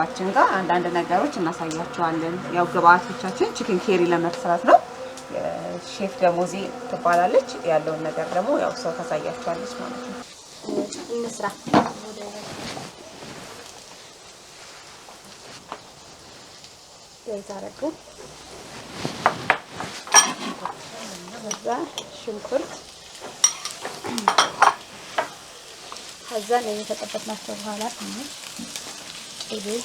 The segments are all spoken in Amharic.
ከሼፋችን ጋር አንዳንድ ነገሮች እናሳያቸዋለን። ያው ግብአቶቻችን ቺክን ኬሪ ለመስራት ነው። ሼፍ ደሞዚ ትባላለች። ያለውን ነገር ደግሞ ያው ሰው ታሳያቸዋለች ማለት ነው። እንስራ ዘይታረቁ ከዛ ሽንኩርት ከዛ ነው የተጠበስናቸው በኋላ ఇది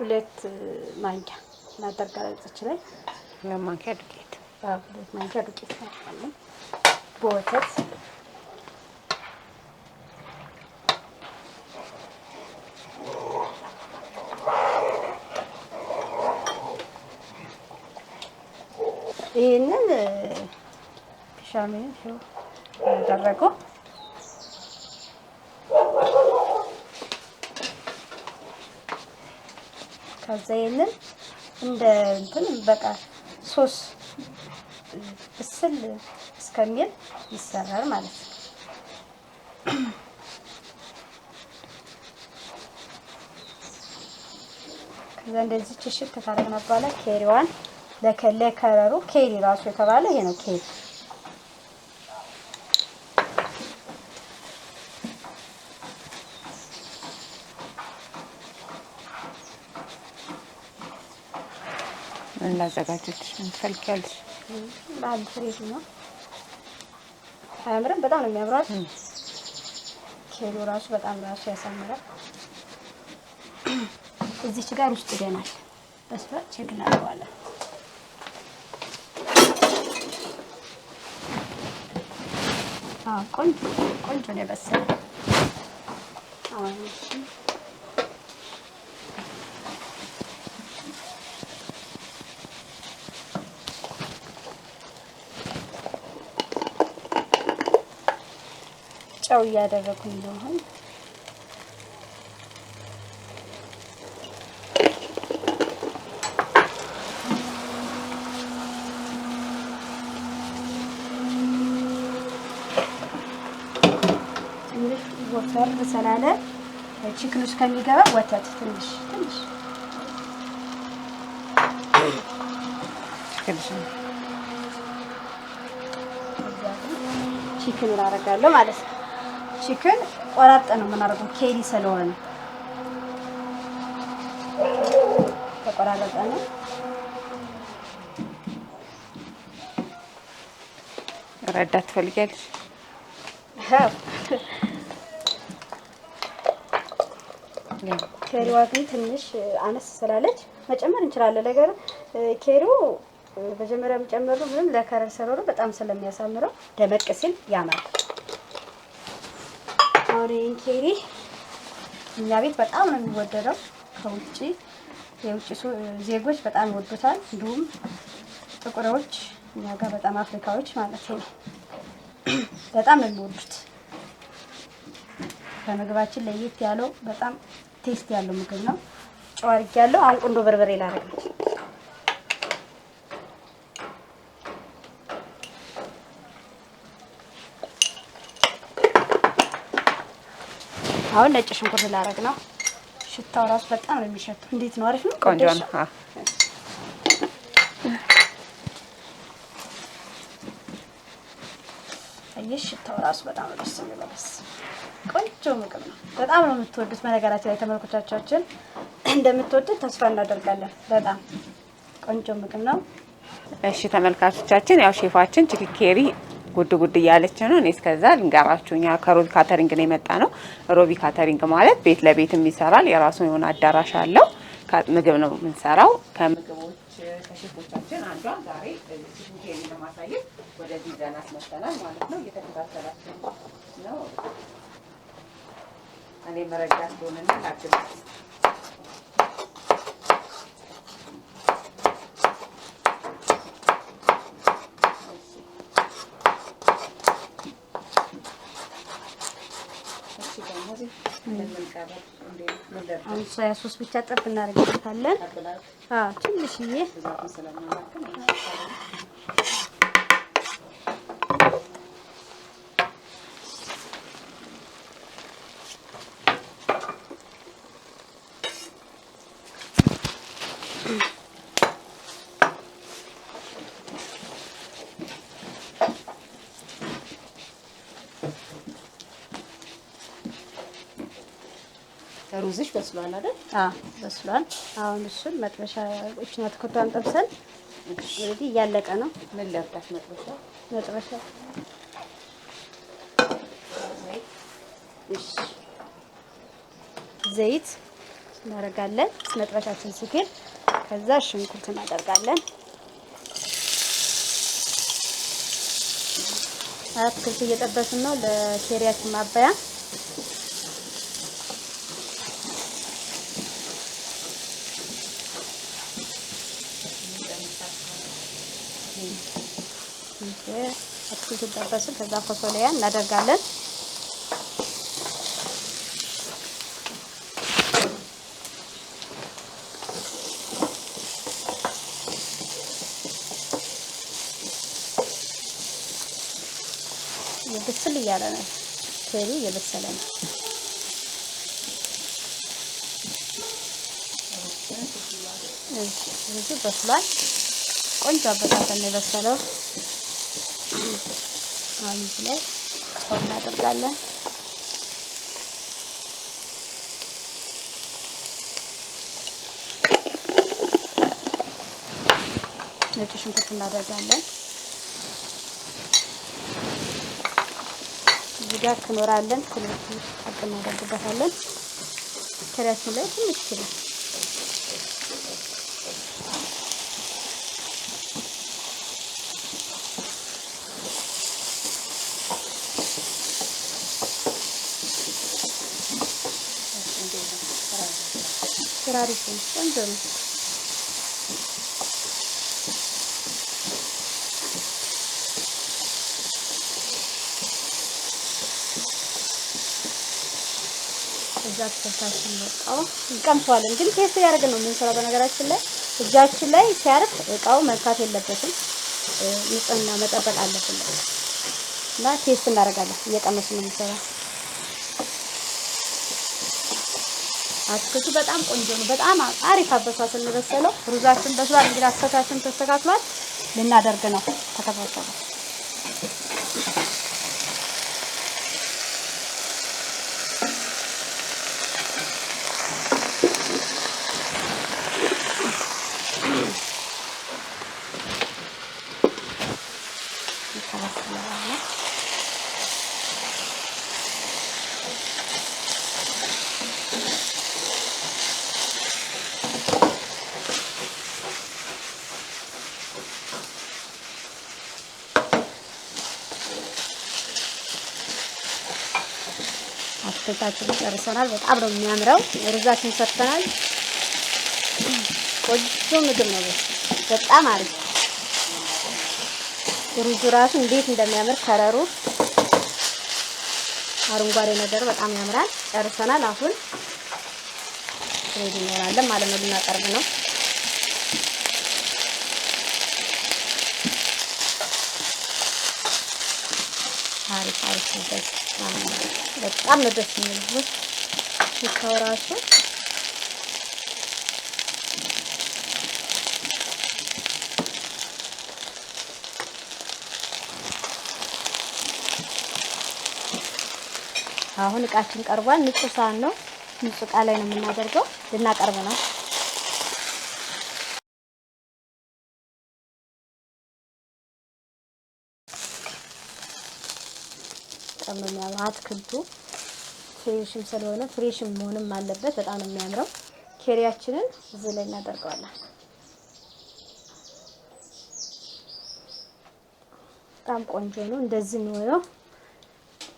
ሁለት ማንኪያ እናደርጋለች ላይ ሁለት ማንኪያ ዱቄት ሁለት ማንኪያ ዱቄት እናደርጋለን በወተት ይህንን ሻሜን የተደረገው። ከዛ ይሄንን እንደ እንትን በቃ ሶስ ብስል እስከሚል ይሰራል ማለት ነው። ከዛ እንደዚህ ችሽት ከታረግና በኋላ ኬሪዋን ለከለ ከረሩ ኬሪ ራሱ የተባለ ይሄ ነው ኬሪ ማዘጋጀት ምንፈልጊያለሽ? በአንድ ፍሬ ነው። አያምርም? በጣም ነው የሚያምረው። ኬሉ ራሱ በጣም ራሱ ያሳምራል። እዚች ጋር ውስጥ ገናል በስፋት ቼክ እናደርገዋለን። ቆንጆ ቆንጆ ነው የበሰለው። ጨው እያደረጉኝ ነው አሁን። ወፈር ስላለ ችክን ውስጥ ከሚገባ ወተት ትንሽ ትንሽ ችክን ላደርጋለሁ ማለት ነው። ቺክን ቆራጥ ነው የምናደርገው ኬሪ ስለሆነ ተቆራረጠ ነው። ረዳት ትፈልጊያለሽ? ኬሪዋ ግን ትንሽ አነስ ስላለች መጨመር እንችላለን። ነገር ኬሪው መጀመሪያ የሚጨመሩ ምንም ለከረር ስለሆነ በጣም ስለሚያሳምረው ደመቅ ሲል ያምራል። ኦሬንጅ ኬሪ እኛ ቤት በጣም ነው የሚወደደው። ከውጭ የውጭ ዜጎች በጣም ይወዱታል። እንዲሁም ጥቁሮች እኛ ጋር በጣም አፍሪካዎች ማለት ነው በጣም ነው የሚወዱት። ከምግባችን ለየት ያለው በጣም ቴስት ያለው ምግብ ነው። ጨው አድርጌያለሁ። አሁን በርበሬ ላደርግ ነው። አሁን ነጭ ሽንኩርት ላረግ ነው። ሽታው ራሱ በጣም ነው የሚሸተው። እንዴት ነው? አሪፍ ነው። ቆንጆ ነው። አየሽ፣ ሽታው ራሱ በጣም ነው ደስ የሚለው። ቆንጆ ምግብ ነው። በጣም ነው የምትወዱት። በነገራችን ላይ ተመልኮቻቻችን እንደምትወዱት ተስፋ እናደርጋለን። በጣም ቆንጆ ምግብ ነው። እሺ ተመልካቾቻችን፣ ያው ሼፋችን ችክኬሪ ጉድ ጉድ እያለች ነው። እኔ እስከዛ ልንገራችሁ፣ እኛ ከሮቢ ካተሪንግ ነው የመጣ ነው። ሮቢ ካተሪንግ ማለት ቤት ለቤትም ይሰራል። የራሱ የሆነ አዳራሽ አለው። ምግብ ነው የምንሰራው። ከምግቦች ከሽፎቻችን አንዷ ዛሬ ቡፌን ለማሳየት ወደዚህ ዘናት መተናል ማለት ነው። እየተከታተላችሁ ነው። እኔ መረጃ ስለሆነና ላግባት አሁን ሶያ ሶስ ብቻ ጠብ እናደርግበታለን። አዎ ትንሽዬ ሩዝሽ በስሏል አይደል? አዎ በስሏል። አሁን እሱን መጥበሻ እቺን አትክልቷን ጠብሰን እንግዲህ እያለቀ ነው። ምን ላብጣት? መጥበሻ መጥበሻ። እሺ ዘይት እናደርጋለን መጥበሻችን ሲክል፣ ከዛ ሽንኩርት እናደርጋለን። አትክልት እየጠበስን ነው ለኬሪያችን ማባያ ትንሽ አትክልቱ ጠበስን፣ ከዛ ኮሶሊያ እናደርጋለን። የብስል እያለ ነው ቴሉ እየበሰለ ነው። እዚህ በስሏል። ቆንጆ አበሳሰል ነው የበሰለው። ማግኘት ላይ ሰው እናደርጋለን። ነጭ ሽንኩርት እናደርጋለን። እዚህ ጋር ክኖራለን ክኖር አጥም እናደርግበታለን። ክረስ ላይ ትንሽ ምስር አሪፍ ቆንጆ ነው። እጃችን ታሽን ወጣው እንቀምሰዋለን። ግን ቴስት ያደርግ ነው የምንሰራው። በነገራችን ላይ እጃችን ላይ ሲያርፍ እቃው መንካት የለበትም። ንጽህና መጠበቅ አለብን እና ቴስት እናደርጋለን። እየቀመሱ ነው የምንሰራው። አትክልቱ በጣም ቆንጆ ነው። በጣም አሪፍ አበሷ ስንበሰለው ሩዛችን በስሏል። እንግዲህ አሰታችን ተስተካክሏል። ልናደርግ ነው ተከታተሉ። አትክልታችን ጨርሰናል። በጣም ነው የሚያምረው። ሩዛችን ሰርተናል። ቆጆ ምግብ ነው። በጣም አሪፍ ሩዙ ራሱ እንዴት እንደሚያምር ከረሩ አረንጓዴ ነገር በጣም ያምራል። ጨርሰናል። አሁን ሬዲ እንሆናለን ማለት ነው። ልናቀርብ ነው። አሪፍ አሪፍ ነው። በጣም ነው ደስ የሚል ሽታው ራሱ አሁን እቃችን ቀርቧል። ንጹህ ሳህን ነው። ንጹህ እቃ ላይ ነው የምናደርገው። ልናቀርብ ነው። በጣም ነው አትክልቱ ፍሬሽም ስለሆነ ፍሬሽም መሆንም አለበት። በጣም ነው የሚያምረው። ኬሪያችንን እዚህ ላይ እናደርገዋለን። በጣም ቆንጆ ነው እንደዚህ ነው።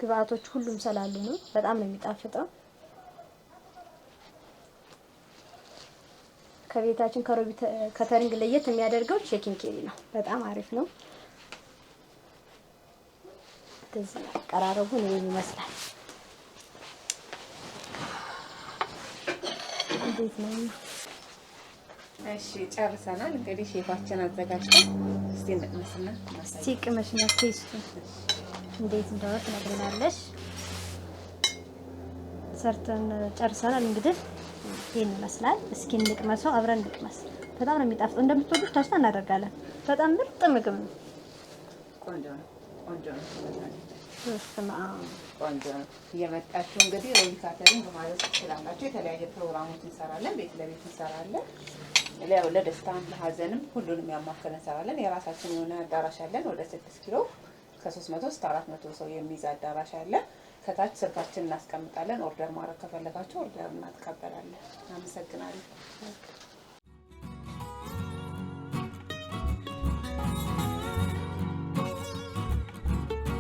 ግብአቶች ሁሉም ስላሉ ነው። በጣም ነው የሚጣፍጠው። ከቤታችን ከሮቢ ከተሪንግ ለየት የሚያደርገው ቼኪንግ ኬሪ ነው። በጣም አሪፍ ነው። እንደዚህ አቀራረቡን ይሄን ይመስላል። እንዴት ነው? እሺ ጨርሰናል። እንግዲህ ሼፋችን አዘጋጅተን እስቲ እንቅመስና እስቲ ቅመሽ ነው ቴስቱ እንዴት እንደሆነ ትነግረናለሽ። ሰርተን ጨርሰናል። እንግዲህ ይሄን ይመስላል። እስኪ እንቅመሰው፣ አብረን እንቅመስ። በጣም ነው የሚጣፍጠው። እንደምትወዱት ተስፋ እናደርጋለን። በጣም ምርጥ ምግብ ነው። ቆንጆ ነው። ቆንጆ ነው። ቆንጆ ነው። እየመጣችሁ እንግዲህ ሮቢ ካተሪንግ ማለት ትችላላችሁ። የተለያየ ፕሮግራሞች እንሰራለን። ቤት ለቤት እንሰራለን። ያው ለደስታም ለሀዘንም ሁሉንም ያማከለ እንሰራለን። የራሳችን የሆነ አዳራሽ አለን። ወደ ስድስት ኪሎ ከሶስት መቶ እስከ አራት መቶ ሰው የሚይዝ አዳራሽ አለን። ከታች ስልካችን እናስቀምጣለን። ኦርደር ማድረግ ከፈለጋችሁ ኦርደር እናትቀበላለን። አመሰግናለሁ።